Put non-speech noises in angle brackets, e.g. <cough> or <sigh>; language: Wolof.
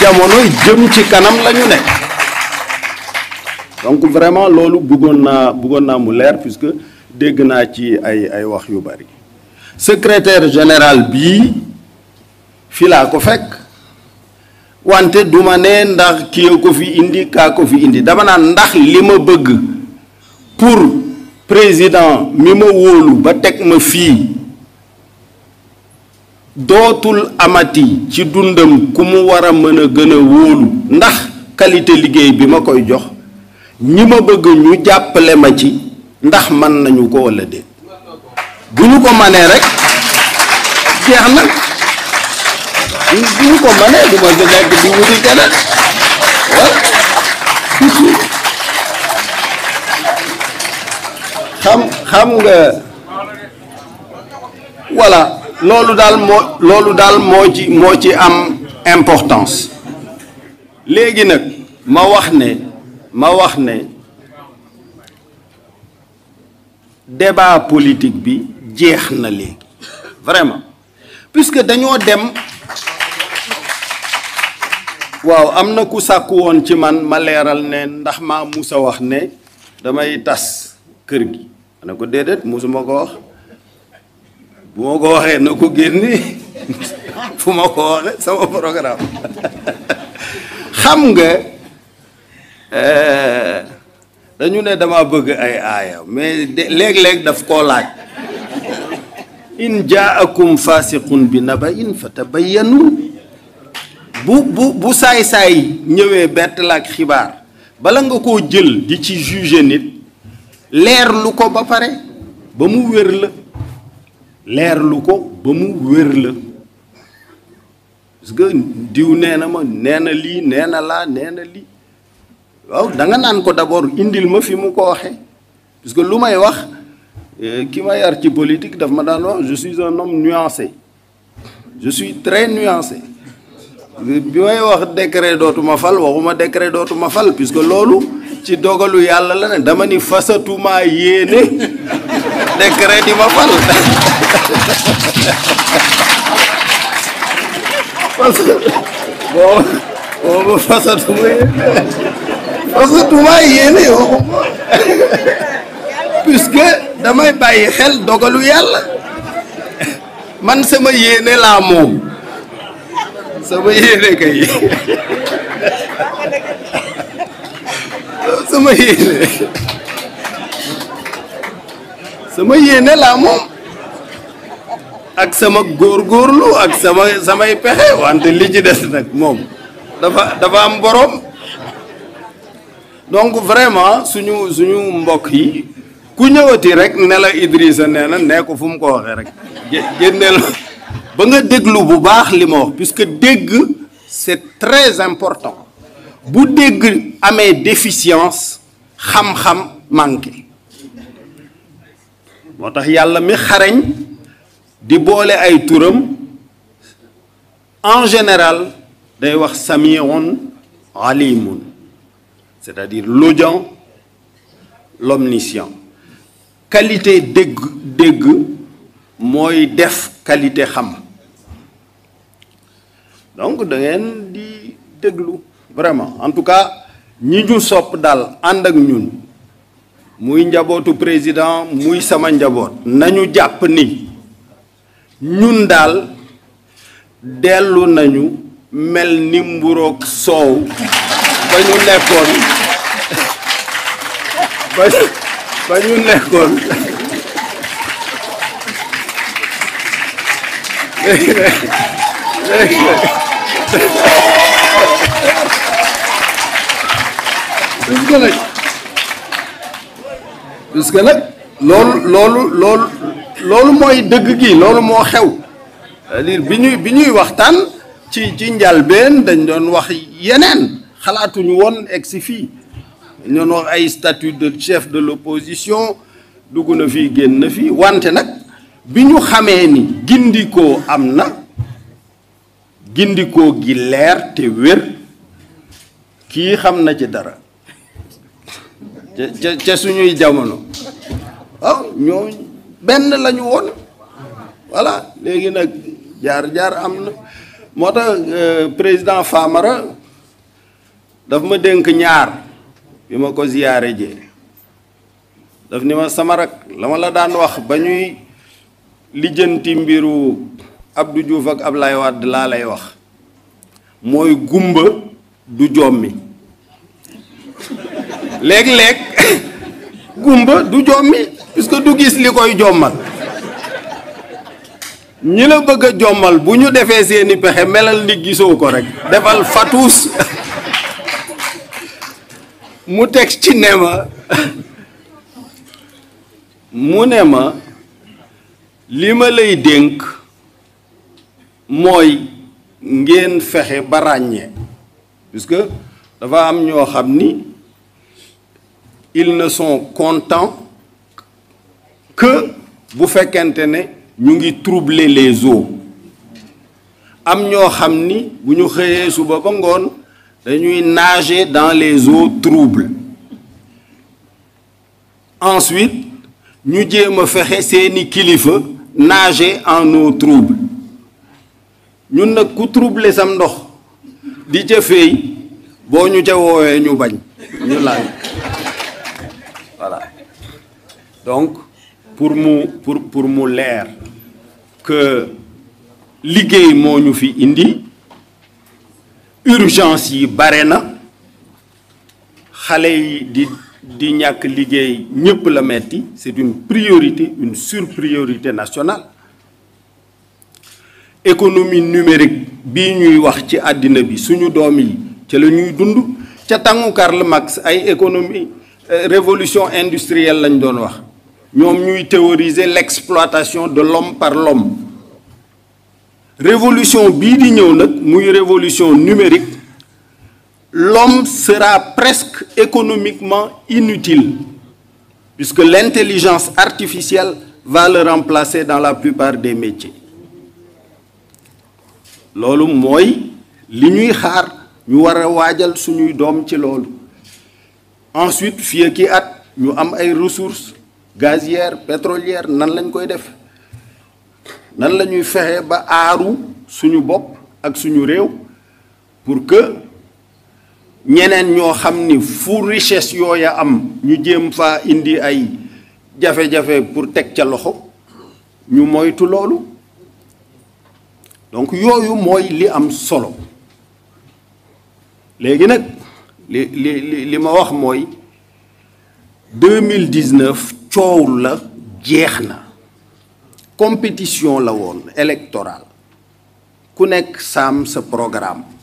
jamono jëm ci kanam la ñu donc vraiment loolu bëggoon naa buggoon naa mu leer puisque dégg naa ci ay ay wax yu bari secretaire général bii fii laa ko fekk wante du ma ne ndax kii ko fi indi kaa ko fi indi dama naan ndax li ma bëgg pour président mi ma wóolu ba teg ma fii dootul amati ci dundam ku mu war a mën a gën a wóolu ndax qualité liggéey bi ma koy jox ñi ma bëgg ñu jàppale ma ci ndax man nañu ko wala déet bu ñu ko manee rek jeex na bu ñu ko manee du ma di nekk di wuti keneen xam xam nga voilà loolu daal moo loolu daal moo ci moo ci am importance léegi nag ma wax ne ma wax ne débat politik bi jeex na léegi vraiment puisque dañoo dem waaw am na ku sàkku woon ci man ma leeral ne ndax maa musa wax ne damay tas kër gi ma ne ko déedéet musuma ko wax bu ma ko waxee na ko génne <laughs> fu ma ko waxee sama programme <laughs> xam nga eh, dañu ne dama bëgg ay aaya mais léeg-léeg daf koo laaj in jaakum fasiqun bi na ba nabain fatabayyanu bu bu bu saay-saay ñëwee bett la ak xibaar bala nga koo jël di ci juger nit leer lu ko ba pare ba mu wér la leerlu ko ba mu wér la parce que diw nee na ma nee na lii nee na laa nee na lii waaw da nga naan ko d'abord indil ma fi mu ko waxee parce que lu may wax euh, ki ma yar ci politique daf ma daan wax je suis un homme nuancé je suis très nuancé bi may wax décret dootuma fal waxuma décret dootuma fal que loolu ci dogalu yàlla la ne dama ni fasatuma yéene décret di ma fal parce que yéene yoo puisque damay bàyyi xel dogalu yàlla man sama yéene laa moom sama yéene kay sama yéene sama yéene laa moom ak sama góor góorgóorlu ak sama samay pexe wante li ci des nag moom dafa dafa am boroom donc vraiment suñu suñu mbokk yi ku ñëwati rek ne la Idrissa nee na nee ko fu mu ko waxee rek génneel ba nga déglu bu baax li ma wax puisque dégg c'est très important bu dégg amee déficience xam-xam manqué moo tax yàlla mi xarañ di boole ay turam en général day wax samiun alimun c'est-à-dire l'audient l'omniscient qualité dégg dégg mooy def qualité xam donc da ngeen di déglu vraiment en tout cas ñi ñu sopp daal ànd ak ñun muy njabootu président muy sama njaboot nañu jàpp ni ñun daal dellu nañu mel ni mburoog soow ba ñu nekkoon puisque nag loolu loolu loolu loolu mooy dëgg gi loolu moo xew cest bi ñuy bi ñuy waxtaan ci ci njalbeen dañ doon wax yeneen xalaatuñu woon egg si fii dañ doon wax ay statut de chef de l'opposition dugg na fii génn na fii wante nag bi ñu xamee ni gindikoo am na gindikoo gi leer te wér kii xam na ci dara ca ca suñuy jamono waaw ñoo benn lañu ñu woon voilà léegi nag jaar-jaar am na moo tax euh, président Famara daf ma dénk ñaar bi ma ko ziyaare jee daf ni ma sama rak la ma la daan wax ba ñuy lijjanti mbiru abdu Diouf ak Ablaye Wade laa lay wax mooy gumba du jommi <laughs> léeg-léeg gumba du jommi puisque du gis li koy jommal ñi la bëgg a jommal bu ñu defee seeni pexe melal ni gisoo ko rek defal fatuus mu teg ci ne ma mu ne ma li ma lay dénk mooy ngeen fexe ba ràññee puisque dafa am ñoo xam ni ils ne son contents que bu fekkente ne ñu ngi troubler les eaux am ñoo xam ni bu ñu xëyee suba ba ngoon dañuy nager dans les eaux troubles ensuite ñu jéem a fexe seeni kilifa nager en eau trouble ñun nag ku troubler sam ndox di ca feey boo ñu ca woowee ñu bañ ñu laaj donc pour mu pour pour mu leer que liggéey moo ñu fi indi urgence yi bare na xale yi di di ñàkk liggéey ñëpp la metti c'est une priorité une surpriorité nationale économie numérique bi ñuy wax ci àddina bi suñu doom yi ca la ñuy dund ca tàngu Karl max ay économie euh, révolution industrielle lañ doon wax ñoom ñuy théoriser l'exploitation de l'homme par l'homme révolution bii di ñëw nag muy révolution numérique l'homme sera presque économiquement inutile puisque l'intelligence artificielle va le remplacer dans la plupart des métiers loolu mooy li ñuy xaar ñu war a waajal suñuy doom ci loolu ensuite fii ak at ñu am ay ressources gazière pétrolière nan lañ koy def nan la ñuy fexe ba aaru suñu bopp ak suñu réew pour que ñeneen ñoo xam ni fu richesse yooya am ñu jéem fa indi ay jafe-jafe pour teg ca loxo ñu moytu loolu donc yooyu mooy li am solo léegi nag li li li ma wax mooy deux mille dix coow la jeex na compétition la woon électorale ku nekk saam sa programme